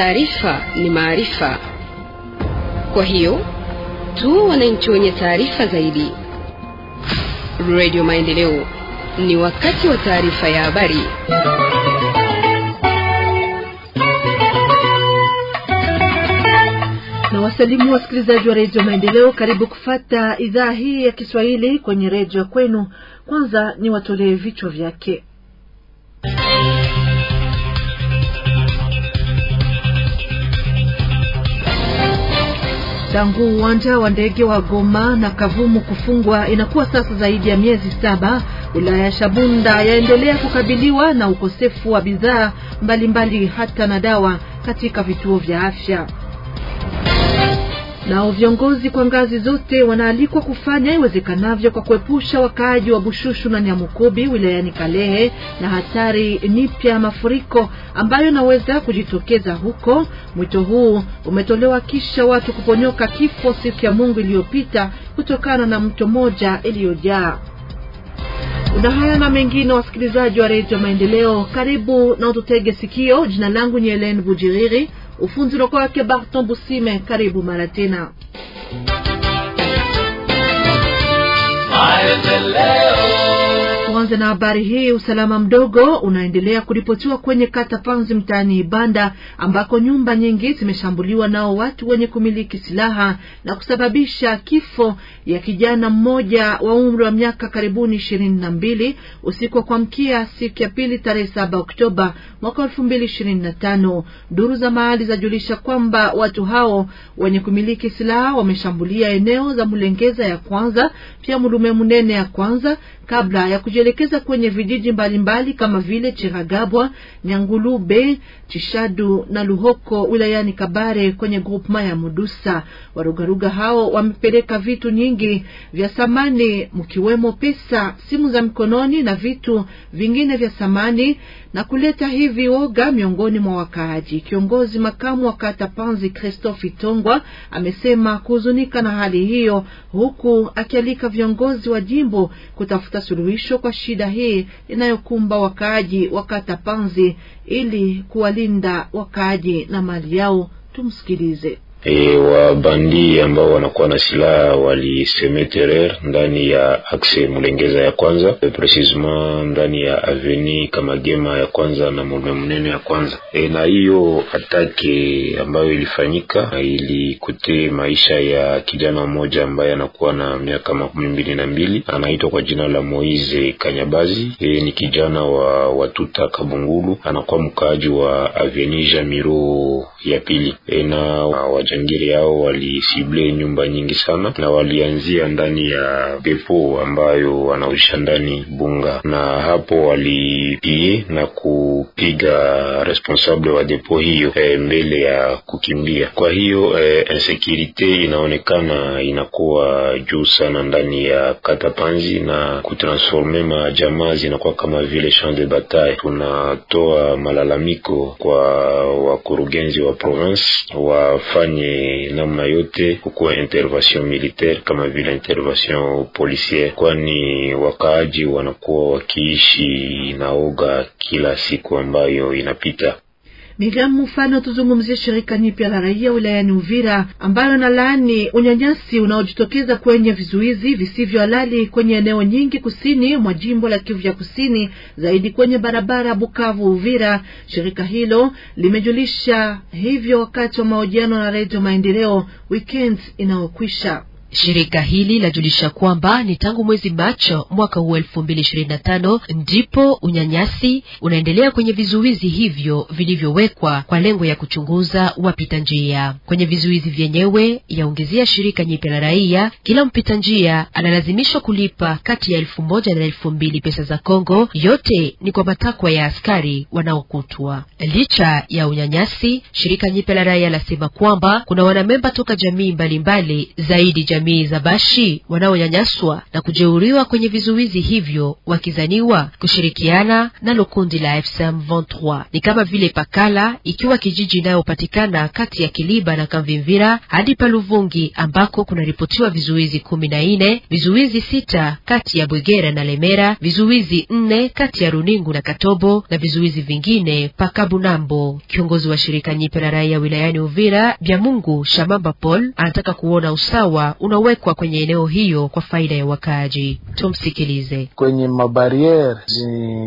taarifa ni maarifa. Kwa hiyo tu wananchi wenye taarifa zaidi. Radio Maendeleo, ni wakati wa taarifa ya habari. Na wasalimu wasikilizaji wa redio Maendeleo, karibu kufata idhaa hii ya Kiswahili kwenye redio kwenu. Kwanza ni watolee vichwa vyake. Tangu uwanja wa ndege wa Goma na Kavumu kufungwa inakuwa sasa zaidi ya miezi saba, wilaya ya Shabunda yaendelea kukabiliwa na ukosefu wa bidhaa mbalimbali hata na dawa katika vituo vya afya. Nao viongozi kwa ngazi zote wanaalikwa kufanya iwezekanavyo kwa kuepusha wakaaji wa Bushushu na Nyamukubi wilayani Kalehe na hatari mipya ya mafuriko ambayo inaweza kujitokeza huko. Mwito huu umetolewa kisha watu kuponyoka kifo siku ya Mungu iliyopita kutokana na mto moja iliyojaa na haya na mengine, wasikilizaji wa redio Maendeleo, karibu na ututege sikio. Jina langu ni Helen Bujiriri. Ufunzi loko wake Barton Busime, karibu mara tena pamoja na habari hii, usalama mdogo unaendelea kuripotiwa kwenye kata Panzi mtaani Ibanda ambako nyumba nyingi zimeshambuliwa nao watu wenye kumiliki silaha na kusababisha kifo ya kijana mmoja wa umri wa miaka karibuni ishirini na mbili usiku wa kuamkia siku ya pili tarehe saba Oktoba mwaka elfu mbili ishirini na tano. Duru za mahali zajulisha kwamba watu hao wenye kumiliki silaha wameshambulia eneo za Mulengeza ya kwanza pia Mulume Mnene ya kwanza kabla ya kujielekea kujitokeza kwenye vijiji mbalimbali kama vile Chiragabwa, Nyangulube Chishadu na Luhoko wilayani Kabare kwenye grupma ya Mudusa. Warugaruga hao wamepeleka vitu nyingi vya samani, mkiwemo pesa, simu za mkononi na vitu vingine vya samani na kuleta hivi woga miongoni mwa wakaaji. Kiongozi makamu wa kata Panzi Christophe Itongwa amesema kuhuzunika na hali hiyo, huku akialika viongozi wa jimbo kutafuta suluhisho kwa shida hii inayokumba wakaaji wa kata Panzi ili kuwali kuwalinda wakaaji na mali yao. Tumsikilize e, wa bandi ambao wanakuwa na silaha waliseme terreur ndani ya akse Mulengeza ya kwanza e, precisement ndani ya aveni Kamagema ya kwanza na Mulme Munene ya kwanza e, na hiyo atake ambayo ilifanyika ilikute maisha ya kijana mmoja ambaye anakuwa na miaka makumi mbili na mbili anaitwa kwa jina la Moize Kanyabazi e, ni kijana wa Watuta Kabungulu, anakuwa mkaaji wa aveni Jamiro ya pili e, na majangili yao walisible nyumba nyingi sana, na walianzia ndani ya depo ambayo wanaoisha ndani Bunga, na hapo walipie na kupiga responsable wa depo hiyo e, mbele ya kukimbia. Kwa hiyo e, insecurity inaonekana inakuwa juu sana ndani ya Katapanzi na kutransforme majamaa zinakuwa kama vile champ de bataille. Tunatoa malalamiko kwa wakurugenzi wa province wafanye kwenye namna yote kukuwa intervention militaire kama vile intervention policiere, kwani wakaaji wanakuwa wakiishi na oga kila siku ambayo inapita. Miriam Mfano, tuzungumzie shirika nipya la raia wilayani Uvira ambayo na laani unyanyasi unaojitokeza kwenye vizuizi visivyo halali kwenye eneo nyingi kusini mwa jimbo la Kivu ya Kusini, zaidi kwenye barabara Bukavu Uvira. Shirika hilo limejulisha hivyo wakati wa mahojiano na Redio Maendeleo weekend inayokwisha. Shirika hili lajulisha kwamba ni tangu mwezi macho mwaka huu tano ndipo unyanyasi unaendelea kwenye vizuizi hivyo vilivyowekwa kwa lengo ya kuchunguza wapita njia. Kwenye vizuizi vyenyewe, yaongezea shirika nyipya la raia, kila mpita njia analazimishwa kulipa kati ya elfu moja na elfu mbili pesa za Kongo. Yote ni kwa matakwa ya askari wanaokutwa. Licha ya unyanyasi, shirika nyipya la raia lasema kwamba kuna wanamemba toka jamii mbalimbali mbali, zaidi jamii jamii za Bashi wanaonyanyaswa na kujeuriwa kwenye vizuizi hivyo wakizaniwa kushirikiana nalo kundi la FCM 23 ni kama vile Pakala, ikiwa kijiji inayopatikana kati ya Kiliba na Kamvimvira hadi Paluvungi ambako kunaripotiwa vizuizi kumi na nne, vizuizi sita kati ya Bwegera na Lemera, vizuizi nne kati ya Runingu na Katobo na vizuizi vingine Pakabunambo. Kiongozi wa shirika Nyipe la raia wilayani Uvira Byamungu Shamamba Paul anataka kuona usawa unawekwa kwenye eneo hiyo kwa faida ya wakaaji. Tumsikilize. Kwenye mabariere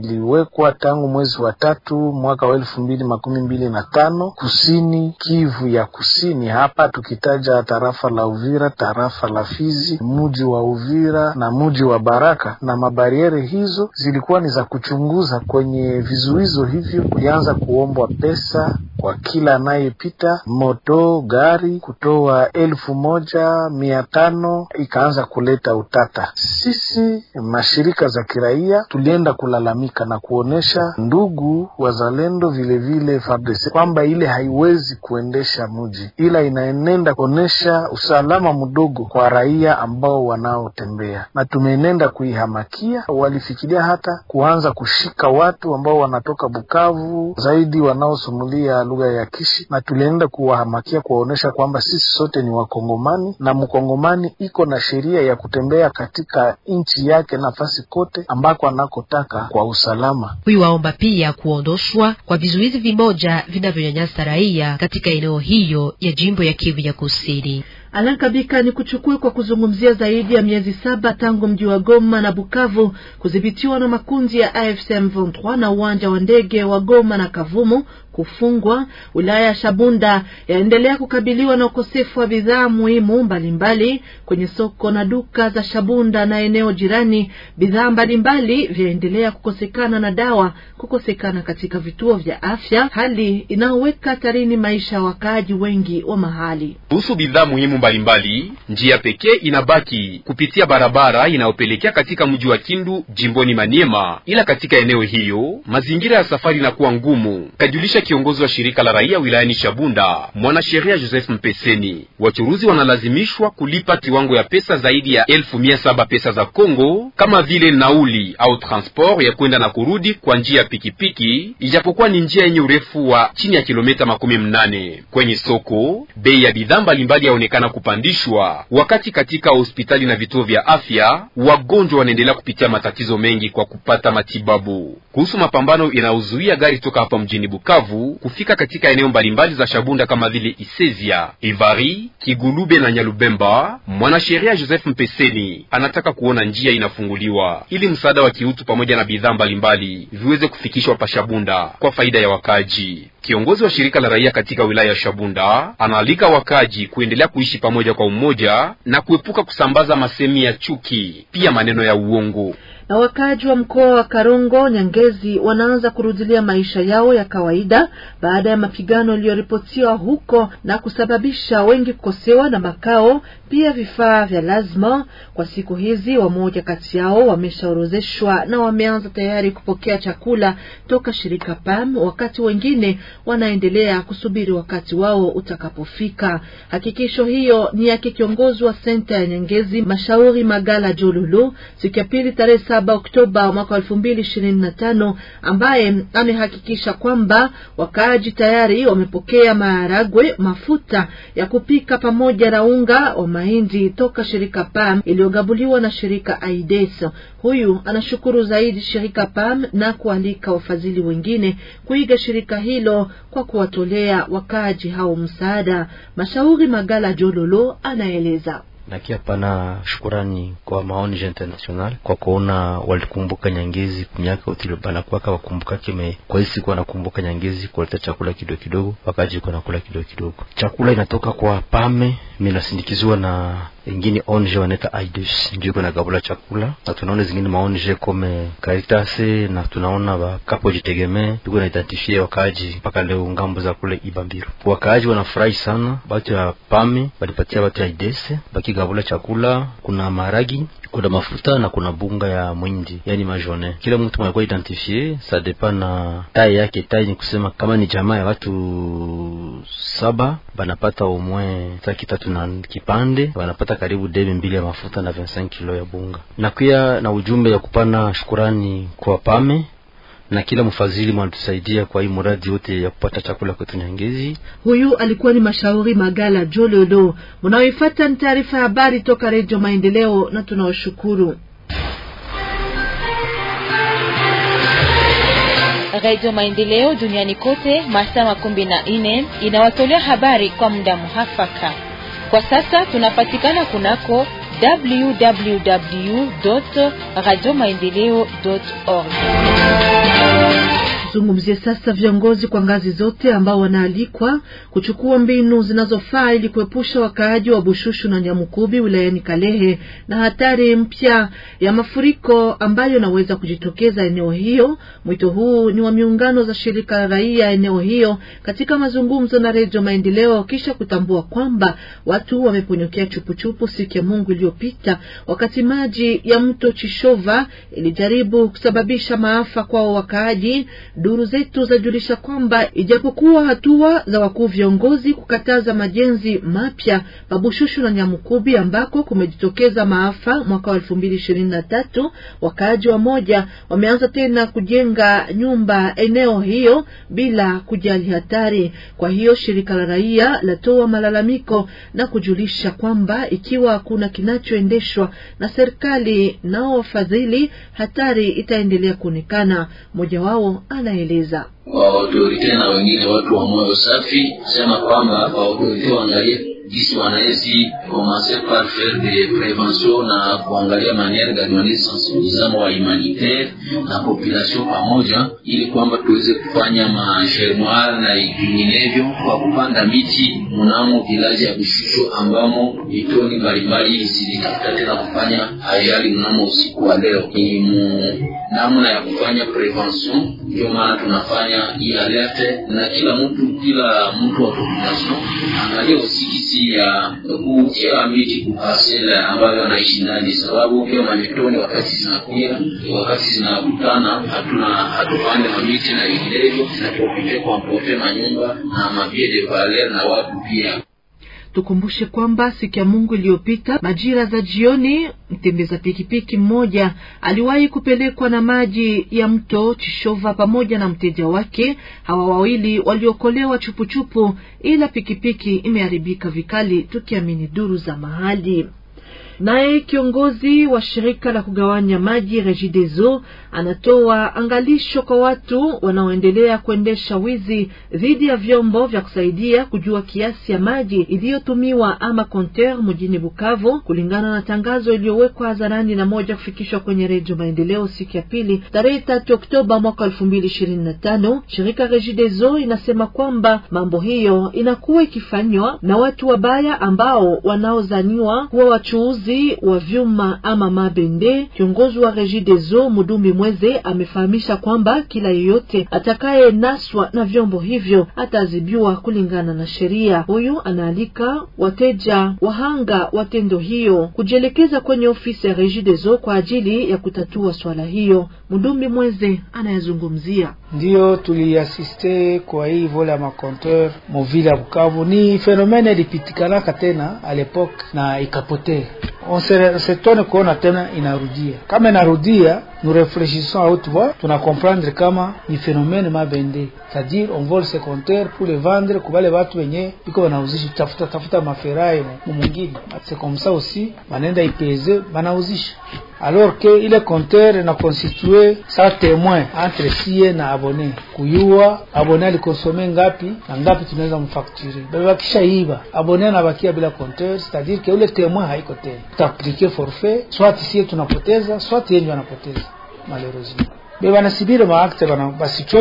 ziliwekwa tangu mwezi wa tatu mwaka wa elfu mbili makumi mbili na tano kusini Kivu ya kusini hapa tukitaja tarafa la Uvira, tarafa la Fizi, muji wa Uvira na muji wa Baraka. Na mabariere hizo zilikuwa ni za kuchunguza kwenye vizuizo hivyo, kulianza kuombwa pesa kwa kila anayepita moto gari kutoa elfu moja mia tano ikaanza kuleta utata. Sisi mashirika za kiraia tulienda kulalamika na kuonesha ndugu wazalendo vilevile FARDC kwamba ile haiwezi kuendesha mji, ila inaenenda kuonesha usalama mdogo kwa raia ambao wanaotembea, na tumeenenda kuihamakia. Walifikiria hata kuanza kushika watu ambao wanatoka Bukavu zaidi wanaosumulia lugha ya Kishi, na tulienda kuwahamakia kuwaonesha kwamba sisi sote ni Wakongomani na mkongomani Mkongomani iko na sheria ya kutembea katika nchi yake nafasi kote ambako anakotaka kwa usalama. waomba pia kuondoshwa kwa vizuizi vimoja vinavyonyanyasa raia katika eneo hiyo ya jimbo ya Kivu ya Kusini. Alan Kabika ni kuchukue kwa kuzungumzia zaidi ya miezi saba tangu mji wa Goma na Bukavu kudhibitiwa na makundi ya AFC M23 na uwanja wa ndege wa Goma na Kavumu kufungwa. Wilaya ya Shabunda yaendelea kukabiliwa na ukosefu wa bidhaa muhimu mbalimbali kwenye soko na duka za Shabunda na eneo jirani. Bidhaa mbalimbali vyaendelea kukosekana na dawa kukosekana katika vituo vya afya, hali inayoweka hatarini maisha ya wakaaji wengi wa mahali. Kuhusu bidhaa muhimu mbalimbali, njia pekee inabaki kupitia barabara inayopelekea katika mji wa Kindu jimboni Maniema, ila katika eneo hiyo mazingira ya safari inakuwa ngumu, kajulisha kiongozi wa shirika la raia wilayani Shabunda, mwanasheria Joseph Mpeseni. Wachuruzi wanalazimishwa kulipa kiwango ya pesa zaidi ya elfu mia saba pesa za Kongo kama vile nauli au transport ya kwenda na kurudi kwa njia ya pikipiki, ijapokuwa ni njia yenye urefu wa chini ya kilomita makumi mnane. Kwenye soko bei ya bidhaa mbalimbali yaonekana kupandishwa, wakati katika hospitali na vituo vya afya wagonjwa wanaendelea kupitia matatizo mengi kwa kupata matibabu. Kuhusu mapambano inayozuia gari toka hapa mjini Bukavu kufika katika eneo mbalimbali za Shabunda kama vile Isezia, Ivari, Kigulube na Nyalubemba, mwanasheria Joseph Mpeseni anataka kuona njia inafunguliwa ili msaada wa kiutu pamoja na bidhaa mbalimbali viweze kufikishwa pa Shabunda kwa faida ya wakaaji. Kiongozi wa shirika la raia katika wilaya ya Shabunda anaalika wakaji kuendelea kuishi pamoja kwa umoja na kuepuka kusambaza masemi ya chuki, pia maneno ya uongo na wakaaji wa mkoa wa Karongo Nyangezi wanaanza kurudilia maisha yao ya kawaida baada ya mapigano yaliyoripotiwa huko na kusababisha wengi kukosewa na makao pia vifaa vya lazima kwa siku hizi. Wamoja kati yao wameshaorozeshwa na wameanza tayari kupokea chakula toka shirika PAM, wakati wengine wanaendelea kusubiri wakati wao utakapofika. Hakikisho hiyo ni yake kiongozi wa senta ya Nyangezi Mashauri Magala Jolulu siku ya pili tarehe 17 Oktoba mwaka 2025 ambaye amehakikisha kwamba wakaaji tayari wamepokea maharagwe, mafuta ya kupika pamoja na unga wa mahindi toka shirika PAM iliyogabuliwa na shirika Aideso. Huyu anashukuru zaidi shirika PAM na kualika wafadhili wengine kuiga shirika hilo kwa kuwatolea wakaaji hao msaada. Mashauri Magala Jololo anaeleza. Nakia pana shukurani kwa maoni international kwa kuona walikumbuka Nyangezi miaka utile banakwaka wakumbuka kime kwa hisi kwa nakumbuka Nyangezi kuleta chakula kidogo kidogo, wakaji kwa nakula kidogo kidogo. Chakula inatoka kwa pame, minasindikiziwa na ingine onje wanaita Aidus ndio kuna na gabula chakula, na tunaona zingine maonje kome Caritas na tunaona ba kapo jitegemee tuko na identifie wakaaji mpaka leo ngambo za kule Ibambiro. Wakaaji wanafurahi sana, batu ya pame balipatia batu ya Aidese baki gabula chakula, kuna maragi kuna mafuta na kuna bunga ya mwindi, yani majone. Kila mtu mwanakuwa identifie, sa depa na tai yake. Tai ni kusema kama ni jamaa ya watu saba banapata umwe saki tatu na kipande, banapata karibu debe mbili ya mafuta na 25 kilo ya bunga, na kuya na ujumbe ya kupana shukurani kwa pame na kila mfadhili mwanatusaidia kwa hii mradi yote ya kupata chakula kwetu Nyangezi. Huyu alikuwa ni mashauri Magala Jololo. Mnaoifuata ni taarifa ya habari toka Redio Maendeleo na tunawashukuru. Radio Maendeleo duniani kote masaa makumi na nne inawatolea habari kwa muda muhafaka. Kwa sasa tunapatikana kunako www radio maendeleo org Tuzungumzie sasa viongozi kwa ngazi zote ambao wanaalikwa kuchukua mbinu zinazofaa ili kuepusha wakaaji wa Bushushu na Nyamukubi wilayani Kalehe na hatari mpya ya mafuriko ambayo inaweza kujitokeza eneo hiyo. Mwito huu ni wa miungano za shirika la raia eneo hiyo katika mazungumzo na Redio Maendeleo kisha kutambua kwamba watu wameponyokea chupuchupu siku ya Mungu iliyopita wakati maji ya mto Chishova ilijaribu kusababisha maafa kwao wakaaji. Duru zetu zajulisha kwamba ijapokuwa hatua za wakuu viongozi kukataza majenzi mapya Babushushu na Nyamukubi ambako kumejitokeza maafa mwaka wa elfu mbili ishirini na tatu, wakaaji wa moja wameanza tena kujenga nyumba eneo hiyo bila kujali hatari. Kwa hiyo shirika la raia latoa malalamiko na kujulisha kwamba ikiwa kuna kinachoendeshwa na serikali nao wafadhili, hatari itaendelea kuonekana. Mmoja wao ana anaeleza. Waotorite na wengine watu wa moyo safi sema kwamba waotorite waangalie gisi wanawezi komanse par faire de prevention na kuangalia maniere gani wanawezi sensibilizama wa humanitaire na population pamoja, ili kwamba tuweze kufanya mashermoir na vinginevyo kwa kupanda miti mnamo vilaji ya Bishusho ambamo vitoni mbalimbali ili zilitafuta tena kufanya ayali mnamo usiku wa leo. Ni namna ya kufanya prevention, ndio maana tunafanya hii alerte na kila mtu, kila mtu wa population angalia usikisi pia kuchea miti kupasela ambayo wanaishi ndani, sababu pia manetoni wakati zinakuya wakati zinakutana, hatuna hatupande mamiti na vinginevyo kwa mpote manyumba na mavie valer na watu pia Tukumbushe kwamba siku ya Mungu iliyopita majira za jioni, mtembeza pikipiki mmoja aliwahi kupelekwa na maji ya mto Chishova pamoja na mteja wake. Hawa wawili waliokolewa chupuchupu, ila pikipiki imeharibika vikali, tukiamini duru za mahali. Naye kiongozi wa shirika la kugawanya maji Regideso anatoa angalisho kwa watu wanaoendelea kuendesha wizi dhidi ya vyombo vya kusaidia kujua kiasi ya maji iliyotumiwa ama konter mjini Bukavu, kulingana na tangazo iliyowekwa hadharani na moja kufikishwa kwenye redio Maendeleo siku ya pili tarehe tatu Oktoba mwaka elfu mbili ishirini na tano. Shirika Regideso inasema kwamba mambo hiyo inakuwa ikifanywa na watu wabaya ambao wanaozaniwa kuwa wachuuzi wa vyuma ama mabende. Kiongozi wa Regideso Mudumi Mweze amefahamisha kwamba kila yeyote atakayenaswa na vyombo hivyo ataadhibiwa kulingana na sheria. huyu anaalika wateja wahanga wa tendo hiyo kujielekeza kwenye ofisi ya Regideso kwa ajili ya kutatua swala hiyo. Mdumbi Mweze anayezungumzia ndiyo tuliasiste kwa hii vola ya makonteur movile ya Bukavu, ni fenomene ilipitikanaka tena alepoke na ikapotea usetone kuona tena inarudia. Kama inarudia, nous réfléchissons à haute voix, tuna comprendre kama ni phénomène mabende, c'est-à-dire on vole secondaire pour le vendre kubale batu wenye iko banauzisha tafuta tafuta maferai mu mungine, c'est comme ça aussi, banenda ipeze banauzisha alors est compteur constitué sa témoin entre et na abonné. kuyua abone consommé ngapi na ngapi tunaweza mfacturer. abonné iba n'a pas bila compteur, c'est-à-dire que un témoin haiko tena, le forfait, soit une tunapoteza, soit une anapoteza malheureusement. bebanasubire maakte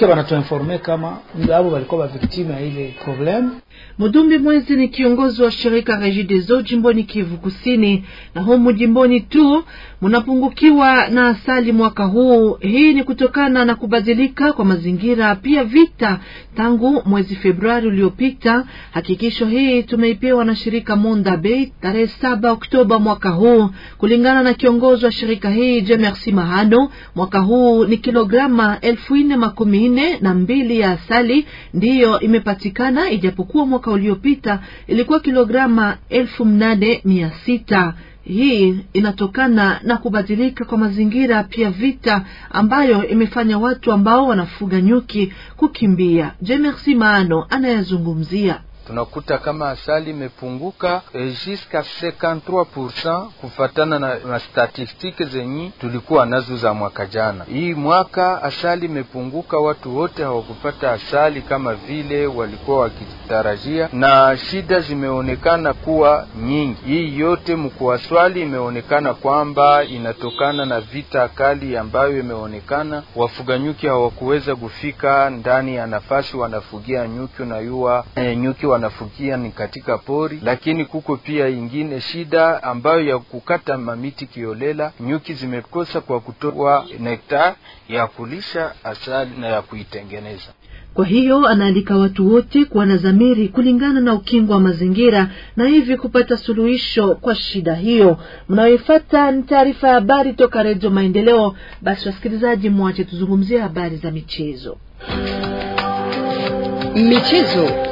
bana tuinforme kama ndio walikuwa balikuwa victime ya ile problem. Mudumbi Mwezi ni kiongozi wa shirika Regi des Eaux jimboni Kivu Kusini. Na humu jimboni tu mnapungukiwa na asali mwaka huu. Hii ni kutokana na kubadilika kwa mazingira, pia vita tangu mwezi Februari uliopita. Hakikisho hii tumeipewa na shirika Monda Bay tarehe 7 Oktoba mwaka huu. Kulingana na kiongozi wa shirika hii Jemersi Mahano, mwaka huu ni kilograma elfu nne makumi nne na mbili ya asali ndiyo imepatikana, ijapokuwa mwaka uliopita ilikuwa kilograma elfu mnane mia sita. Hii inatokana na kubadilika kwa mazingira, pia vita ambayo imefanya watu ambao wanafuga nyuki kukimbia. Jemersi Maano anayezungumzia tunakuta kama asali imepunguka e, jiska 53% kufatana na, na zenye zenyi tulikuwa nazo za mwaka jana. Hii mwaka asali imepunguka, watu wote hawakupata asali kama vile walikuwa wakitarajia, na shida zimeonekana kuwa nyingi. Hii yote mkuwaswali imeonekana kwamba inatokana na vita kali ambayo imeonekana, wafuga nyuki hawakuweza kufika ndani ya nafasi wanafugia nyuki na yua eh, nyuki wanafukia ni katika pori, lakini kuko pia ingine shida ambayo ya kukata mamiti kiolela. Nyuki zimekosa kwa kutoa nekta ya kulisha asali na ya kuitengeneza. Kwa hiyo anaalika watu wote kuwa na dhamiri kulingana na ukingo wa mazingira na hivi kupata suluhisho kwa shida hiyo. mnayoifata ni taarifa ya habari toka Redio Maendeleo. Basi wasikilizaji, mwache tuzungumzie habari za michezo. Michezo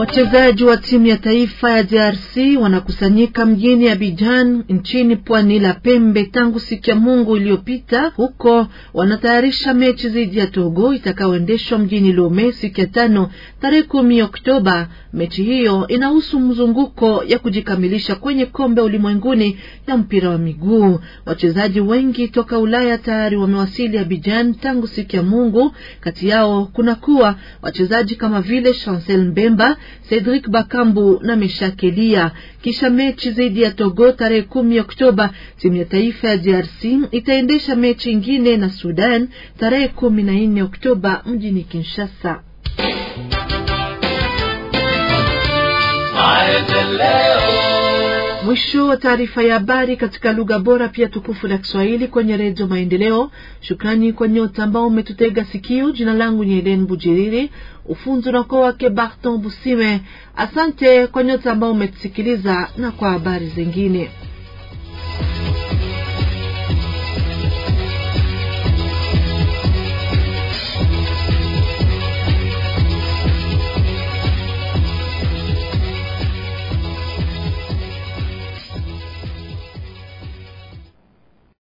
Wachezaji wa timu ya taifa ya DRC wanakusanyika mjini Abidjan nchini pwani la Pembe tangu siku ya Mungu iliyopita. Huko wanatayarisha mechi dhidi ya Togo itakayoendeshwa mjini Lome siku ya tano tarehe kumi Oktoba. Mechi hiyo inahusu mzunguko ya kujikamilisha kwenye kombe ulimwenguni ya mpira wa miguu. Wachezaji wengi toka Ulaya tayari wamewasili Abidjan tangu siku ya Mungu. Kati yao kuna kuwa wachezaji kama vile Chancel Mbemba Cedric Bakambu na Meshak Elia. Kisha mechi zaidi ya Togo tarehe kumi Oktoba, timu ya taifa ya DRC itaendesha mechi ingine na Sudan tarehe kumi na nne Oktoba mjini Kinshasa. Mwisho wa taarifa ya habari katika lugha bora pia tukufu la Kiswahili kwenye Redio Maendeleo. Shukrani kwa nyote ambao umetutega sikio. Jina langu ni Elen Bujiriri, ufunzi unakoa wake Barton Busime. Asante kwa nyote ambao umetusikiliza na kwa habari zingine.